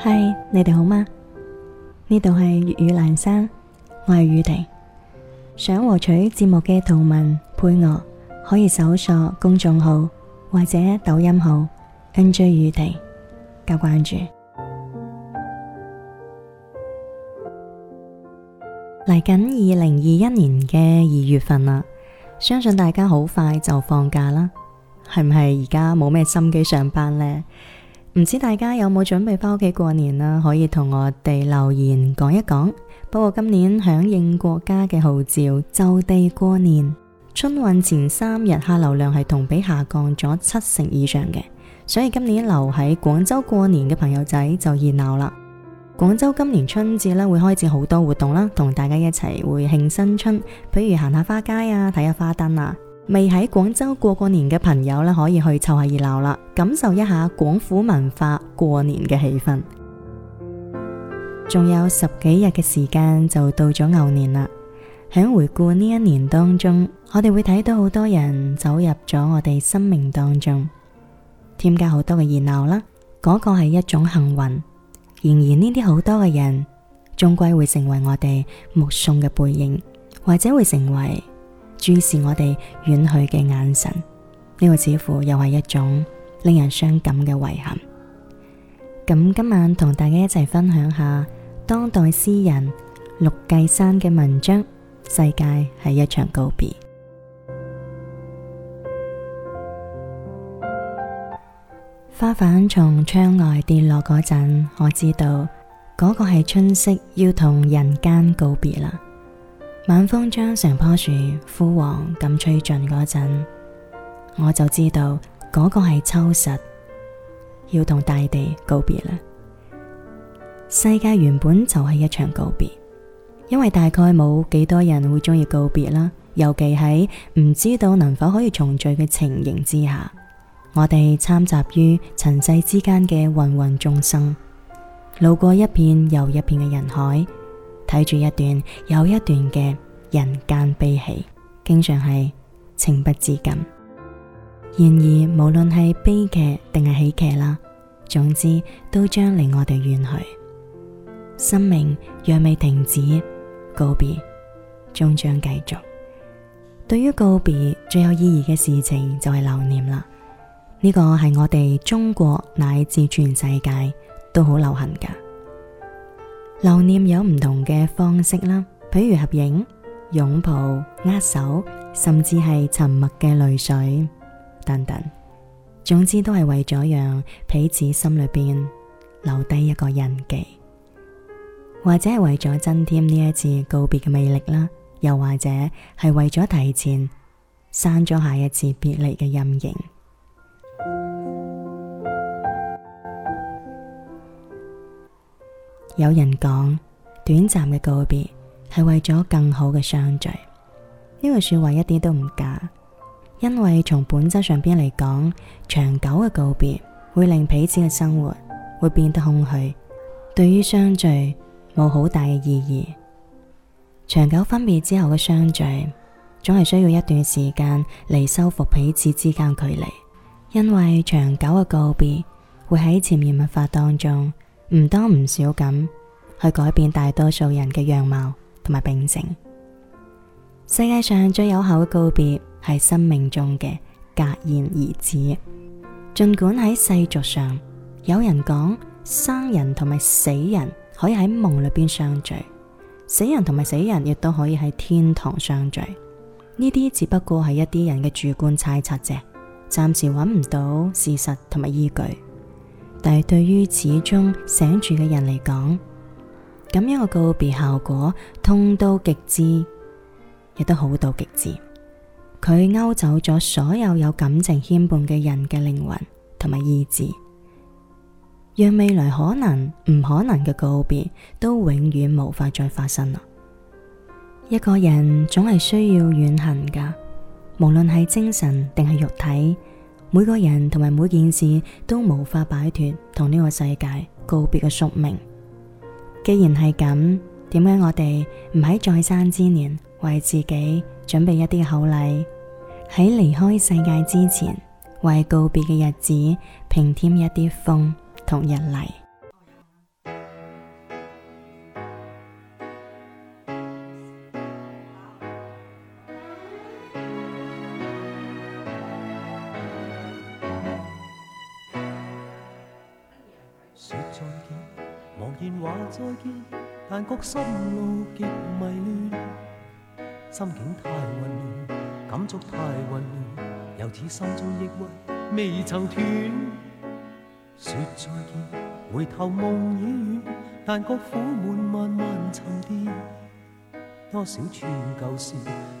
嗨，Hi, 你哋好嗎？呢度係粵語蘭山，我係宇婷。想獲取節目嘅圖文配樂，可以搜索公眾號或者抖音號 NJ 宇婷加關注。嚟緊二零二一年嘅二月份啦，相信大家好快就放假啦，係唔係？而家冇咩心機上班呢？唔知大家有冇準備翻屋企過年啦？可以同我哋留言講一講。不過今年響應國家嘅號召，就地過年。春運前三日客流量係同比下降咗七成以上嘅，所以今年留喺廣州過年嘅朋友仔就熱鬧啦。廣州今年春節呢會開展好多活動啦，同大家一齊會慶新春，比如行下花街啊，睇下花燈啊。未喺廣州過過年嘅朋友啦，可以去湊下熱鬧啦，感受一下廣府文化過年嘅氣氛。仲有十幾日嘅時間就到咗牛年啦。響回顧呢一年當中，我哋會睇到好多人走入咗我哋生命當中，添加好多嘅熱鬧啦。嗰個係一種幸運。然而呢啲好多嘅人，終歸會成為我哋目送嘅背影，或者會成為。注視我哋遠去嘅眼神，呢個似乎又係一種令人傷感嘅遺憾。咁今晚同大家一齊分享下當代詩人陸繼山嘅文章《世界係一場告別》。花瓣從窗外跌落嗰陣，我知道嗰個係春色要同人間告別啦。晚風將成樖樹枯黃咁吹盡嗰陣，我就知道嗰個係秋實，要同大地告別啦。世界原本就係一場告別，因為大概冇幾多人會鍾意告別啦，尤其喺唔知道能否可以重聚嘅情形之下，我哋參雜於塵世之間嘅芸芸眾生，路過一片又一片嘅人海。睇住一段又一段嘅人間悲喜，經常係情不自禁。然而，無論係悲劇定係喜劇啦，總之都將離我哋遠去。生命若未停止，告別終將繼續。對於告別最有意義嘅事情就係留念啦。呢個係我哋中國乃至全世界都好流行噶。留念有唔同嘅方式啦，譬如合影、擁抱、握手，甚至係沉默嘅淚水等等。總之都係為咗讓彼此心裏邊留低一個印記，或者係為咗增添呢一次告別嘅魅力啦，又或者係為咗提前刪咗下一次別離嘅陰影。有人講，短暫嘅告別係為咗更好嘅相聚，呢個說話一啲都唔假。因為從本質上邊嚟講，長久嘅告別會令彼此嘅生活會變得空虛，對於相聚冇好大嘅意義。長久分別之後嘅相聚，總係需要一段時間嚟修復彼此之間距離。因為長久嘅告別會喺潛移默化當中。唔多唔少咁去改變大多數人嘅樣貌同埋秉性。世界上最有效嘅告別係生命中嘅戛然而止。儘管喺世俗上，有人講生人同埋死人可以喺夢裏邊相聚，死人同埋死人亦都可以喺天堂相聚。呢啲只不過係一啲人嘅主觀猜測啫，暫時揾唔到事實同埋依據。但係對於始終醒住嘅人嚟講，咁樣嘅告別效果痛到極致，亦都好到極致。佢勾走咗所有有感情牽絆嘅人嘅靈魂同埋意志，讓未來可能唔可能嘅告別都永遠無法再發生啦。一個人總係需要遠行噶，無論係精神定係肉體。每個人同埋每件事都無法擺脫同呢個世界告別嘅宿命。既然係咁，點解我哋唔喺在生之年為自己準備一啲厚禮，喺離開世界之前，為告別嘅日子平添一啲風同日麗？再見，茫然話再見，但覺心路極迷亂，心境太混亂，感觸太混亂，猶似心中抑鬱未曾斷。說再見，回頭夢已遠，但覺苦悶慢慢沉澱。多少串舊事，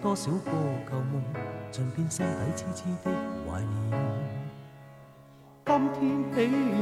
多少個舊夢，盡變心底痴痴的懷念。今天起。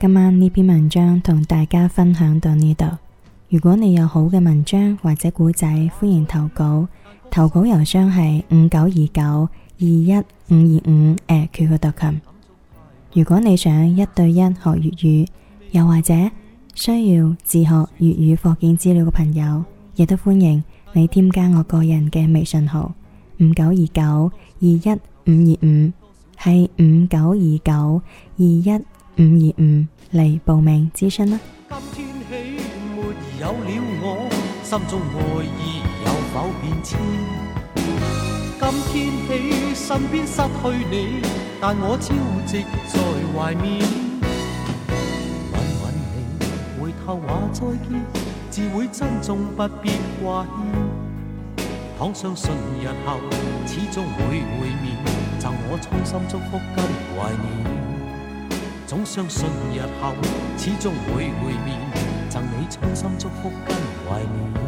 今晚呢篇文章同大家分享到呢度。如果你有好嘅文章或者古仔，歡迎投稿。投稿郵箱係五九二九二一五二五 @QQ 特勤。如果你想一對一學粵語，又或者需要自學粵語課件資料嘅朋友，亦都歡迎你添加我個人嘅微信號五九二九二一五二五，係五九二九二一五二五嚟報名諮詢啦。今天起，沒有了我，心中愛意有否變遷？今天起身邊失去你，但我超值在懷緬後話再見，自會珍重不，不必掛牽。倘相信日後，始終會會面，贈我衷心祝福跟懷念。總相信日後，始終會會面，贈你衷心祝福跟懷念。